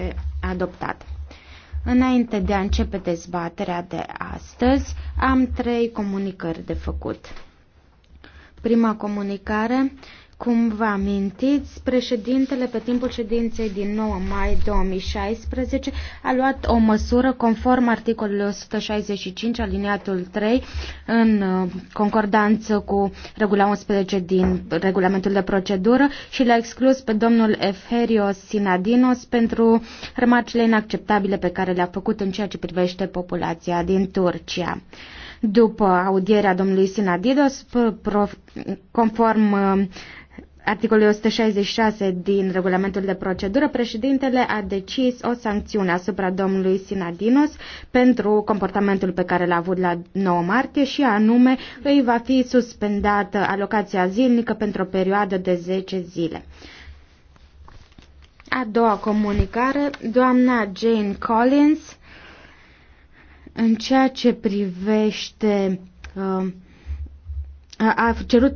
este adoptat. Înainte de a începe dezbaterea de astăzi, am trei comunicări de făcut. Prima comunicare cum vă amintiți, președintele pe timpul ședinței din 9 mai 2016 a luat o măsură conform articolului 165 aliniatul 3 în uh, concordanță cu regula 11 din regulamentul de procedură și l-a exclus pe domnul Eferios Sinadinos pentru remarcile inacceptabile pe care le-a făcut în ceea ce privește populația din Turcia. După audierea domnului Sinadidos, conform uh, articolului 166 din regulamentul de procedură, președintele a decis o sancțiune asupra domnului Sinadinos pentru comportamentul pe care l-a avut la 9 martie și anume îi va fi suspendată alocația zilnică pentru o perioadă de 10 zile. A doua comunicare, doamna Jane Collins în ceea ce privește uh, a cerut